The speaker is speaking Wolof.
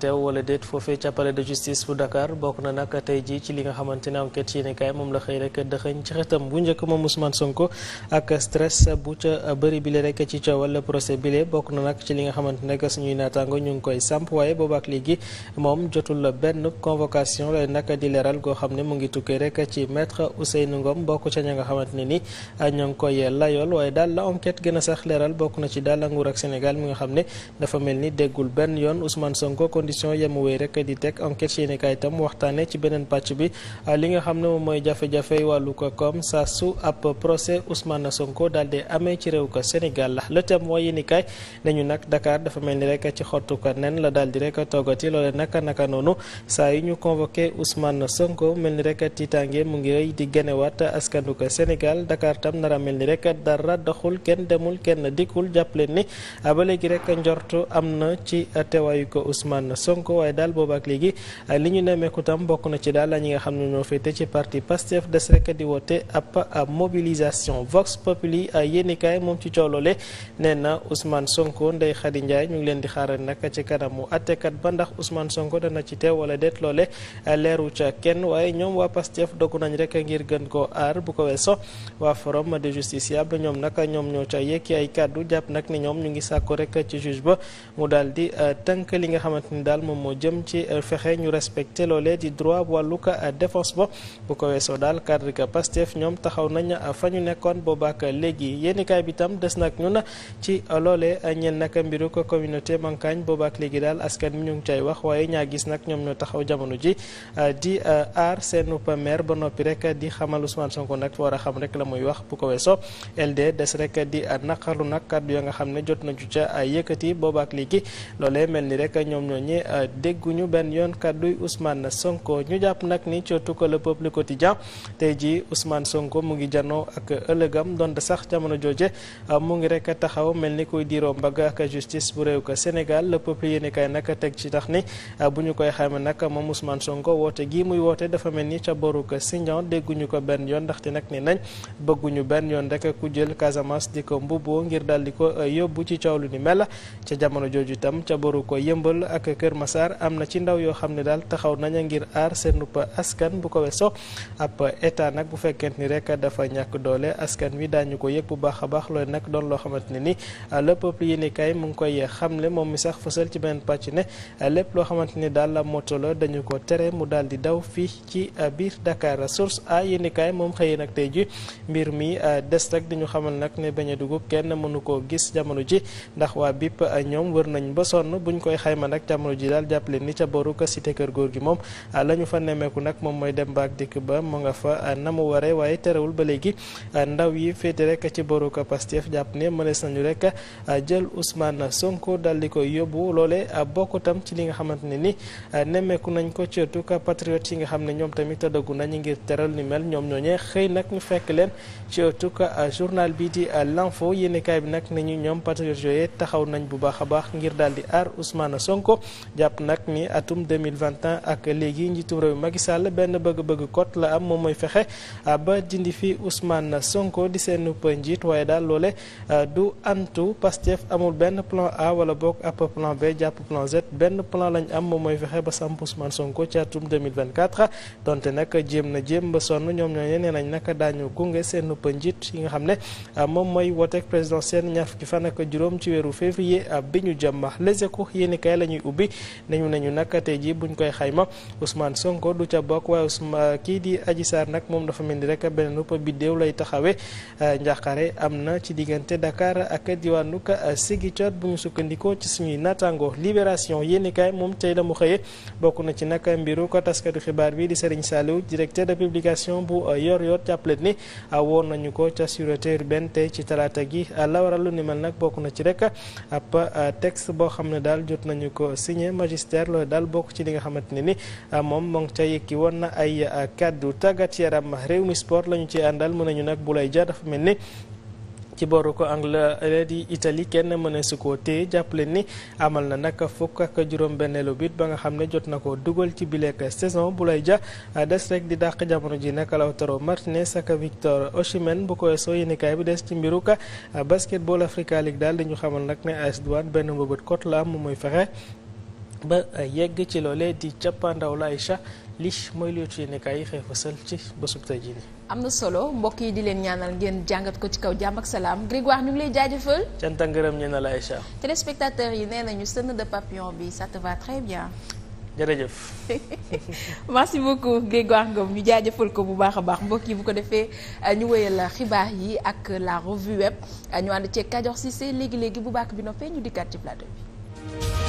teew wala déet foofee ca de justice bu Dakar bokk na nag tey jii ci li nga xamante ne enquête yéeni kaay moom la xëy rek dëxëñ ci xëtam bu njëkk moom Ousmane Sonko ak stress bu ca bëri bile rek ci coowal procès bile bokk na nag ci li nga xamante ne suñuy naataango ñu ngi koy samp waaye boobaak léegi moom jotul benn convocation lay nag di leeral goo xam ne mu ngi tukkee rek ci maître Ousseynou Ngom bokk ca ña nga xamante ne ni ah, ñoo ngi koy layool waaye daal la enquête gën a sax leeral bokk na ci daal la nguur ak Sénégal mi nga xam ne dafa mel ni déggul benn yoon Ousmane conditions yem wéy rek di teg enquête yéene kaay itam waxtaane ci beneen pàcc bi ah, li nga xam ne moom mooy jafe-jafe wàllu ko la le thème mooy yéene kaay nañu nag Dakar dafa mel ni rek ci xottu ko nen la daal di rek toggati loole naka naka noonu saa yu ñu convoqué Ousmane Sonko mel ni rek tiitaange mu ngi rëy di genewaat askanu ko Sénégal Dakar tam nara mel ni rek dara doxul kenn demul kenn dikkul jàpp leen ni ah, a léegi rek njort am na ci teewaayu ko Ousmane Ousmane Sonko waaye daal boobaak léegi ah, li ñu nemmeeku tam bokk na ci daal ñi nga xam ne ñoo féete ci parti Pastef des rek di woote ab ah, mobilisation Vox Populi ah, yéenikaay moom ci cooloole nee na Ousmane Sonko Ndeye Khady Ndiaye ñu ngi leen di xaaral nag ci kanamu àttekat ba ndax Ousmane Sonko dana ci teew wala déet loole leeru ca kenn waaye ñoom waa Pastef dogu nañ rek ngir gën ko aar bu ko weesoo waa forum des justiciables ñoom nag ñoom ñoo ca yekki ay kàddu jàpp nag ni ñoom ñu ni daal moom moo jëm ci euh, fexe ñu respecté loolee di droit wàllu ko euh, défense ba bu ko weesoo daal cadre ka Pastef ñoom taxaw nañ euh, fa ñu nekkoon boobaak léegi yéenikaay bi tam des nag ñun ci loole ñeel nag mbiru ko communauté mankagne boobaak léegi daal askan mi ñu ngi cay wax waaye ñaa gis nag ñoom ñoo taxaw jamono ji di aar seenu maire ba noppi rek di xamalu Ousmane Sonko nag war a xam rek la muy wax bu ko weesoo LD des rek di naqarlu nag kàddu ya nga xam ne jot nañu ca yëkkati boobaak léegi loolee ñooñe euh, dégguñu benn yoon kàdduy Ousmane Sonko ñu jàpp nag ni cootu ko le peuple quotidien tey jii usmaan Sonko mu ngi janoo ak ëllëgam dont sax jamono jooje euh, mu ngi rek taxaw mel ni kuy diiroo mbagg ak justice bu Sénégal le peuple yéen teg ci tax ni euh, bu ñu koy xayma nag moom Ousmane Sonko woote gii muy woote dafa mel ni ca boru ko dégguñu ko benn yoon ndaxte nag ne nañ bëgguñu benn yoon rek ku jël Casamance di ko mbubboo ngir daal di ko yóbbu ci coow lu ni ca jamono jooju itam ca boru ko yëmbal ak Kër Massar am na ci ndaw yoo xam ne daal taxaw naña ngir aar seen askan bu ko weesoo ab état nag bu fekkent ni rek dafa ñàkk doole askan wi daañu ko yëg bu baax a baax loolu nag doon loo xamante ne ni le peuple yi mu ngi koy xam xamle moom mi sax fësal ci beneen pàcc ne lépp loo xamante ni daal la moto la dañu ko tere mu daal di daw fii ci biir Dakar source a yéen kaay moom xëy nag te ji mbir mi des rek di ñu xamal nag ne bañ dugub kenn mënu koo gis jamono ji ndax waa jamono ji daal jàppale ni ca boru ka cité kër góor gi moom la ñu fa nemmeeku nag moom mooy dem baak dikk ba mu nga fa na mu waree waaye terewul ba léegi ndaw yi féete rek ci boru ka Pastef jàpp ne mënees nañu rek jël Ousmane Sonko daal di koy yóbbu loole bokk tam ci li nga xamante ne ni nemmeeku nañ ko surtout que patriotes yi nga xam ne ñoom tamit dëggu nañu ngir teral ni mel ñoom ñooñee xëy nag ñu fekk leen surtout que journal bii di l'info yéenekaay bi nag nañu ñoom patriotes taxaw nañ bu baax a baax ngir daal di aar Ousmane Sonko jàpp nag ni atum 2021 ak léegi njiitu réew Macky Sall benn bëgg-bëgg kot la am moom mooy fexe ah, ba dindi fi Ousmane Sonko di seen njiit waaye daal loole ah, du antu Pastef amul benn plan A wala boog ab plan B jàpp plan benn plan lañ am moom mooy fexe ba samp Ousmane Sonko ci atum 2024 donte nag jéem na jéem ba sonn ñoom ñooñu nee nañ nag daañu gunge seen nëpp njiit yi nga xam ne ah, moom mooy woteeg présidentielle ñaar fukki fan ak juróom ci weeru février bi ñu jëm Les Échos yéen bi nañu nañu nag tey jii buñ koy xayma Ousmane Sonko du ca bokk waaye Ousmane ah, kii di Adji Sarr nag moom dafa mel ni rek beneen rëpp biddéew lay taxawee ah, njàqare am na ci diggante Dakar ak diwaanu ah, Ziguinchor bu ñu sukkandikoo ci suñuy naataango Libération yéenekaay moom tey la mu xëyee bokk na ci nag mbiru ko taskatu xibaar bi di Serigne Saliou directeur de publication bu yor yor jàppale ni woon nañu ko ca sûreté urbaine tey ci talaata gi la waral lu ni mel nag bokk na ci ne signé magistère loolu daal bokk ci li nga xamante ne ni ah, moom moom ngi ca yëkki woon na ay ah, kàddu tàggat yaram réew mi sport la ñu ci àndal mën nañu nag bu lay ja dafa mel ni ci booru ko Angleterre eh, di Italie kenn mën a su koo téye jàppale ni amal na nag fukk ak juróom benn bit ba nga xam ne jot na ko dugal ci bileek saison bu lay ja ah, des rek di dàq jamono ji nag toro Martinez ak Victor Osimhen bu ko soo yéenekaay bi des ci mbiru ka Basketball Africa League daal dañu xamal nag ne AS Douanes la am mooy fexe. ba eh, yegg ci loolee di cappaandaw la Aïcha li mooy lu ci nekk ay xëy fësal ci bésub tey am na solo mbokk yi di leen ñaanal ngeen jàngat ko ci kaw jàmm ak salaam Grégoire ñu ngi lay jaajëfal. cant ak ngërëm ñu ne la Aïcha. téléspectateurs yi nee nañu sën de papillon bi ça te va très bien. jërëjëf. merci beaucoup Grégoire Ngom ñu jaajëfal ko bu baax a baax mbokk yi bu ko defee eh, ñu la xibaar yi ak la revue web eh, ñu ànd ceeg Kajoor Cissé léegi léegi bu baax bi noppee ñu dikkaat ci plateau bi.